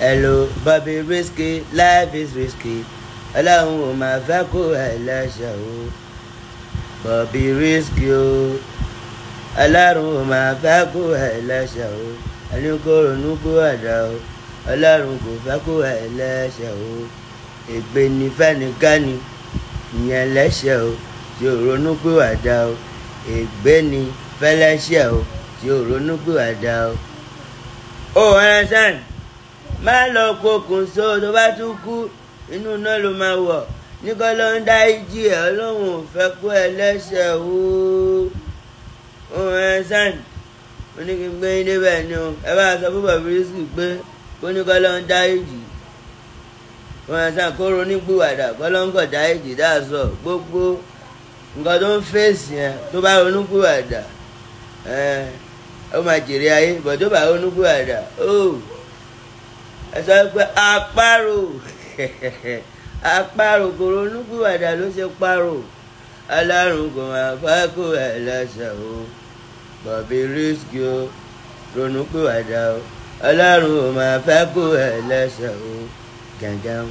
hello Bobby risky life is risky ọlọ́run ò máa fẹ́ kó ẹlẹ́ṣẹ̀ o Bobby risky o ọlọ́run ò máa fẹ́ kó ẹlẹ́ṣẹ̀ o ẹnukóró nukú ẹ̀dá o ọlọ́run kò fẹ́ kó ẹlẹ́ṣẹ̀ o ègbé ni fẹ́nikẹ́ni ìyẹn lẹ́ṣẹ̀ o tí ò ronú pé wàdà o ègbé ni fẹ́lẹ́ṣẹ̀ o tí ò ronú pé wàdà o. o oh, understand má lọ pokùnso tó bá tún kú inú náà ló máa wọ̀ nígbà ló ń dá ìjì ẹ ọlọ́run ò fẹ́ kó ẹ lẹ́sẹ̀ o òun ẹ̀sán onígbìngbé níbẹ̀ ni o ẹ bá sọ fún bàbá rísù pé kó nígbà ló ń dá ìjì òun ẹ̀sán kó ronúgbìwàdà kó ló ń kọ̀ dá ìjì dáàsọ gbogbo nǹkan tó ń fèsì ẹ tó bá ronúgbìwàdà ẹ ó máa jèrè ayé bọ̀ bá ronúgbìwàdà ó. Oh ẹ sọ pé àparò àparò kò ronúpìwàdà ló ṣe parò alárùn kò máa fákò ẹlẹsẹ o bọ̀bí rísíkì o ronúpìwàdà o alárùn kò máa fákò ẹlẹsẹ o gàngàn.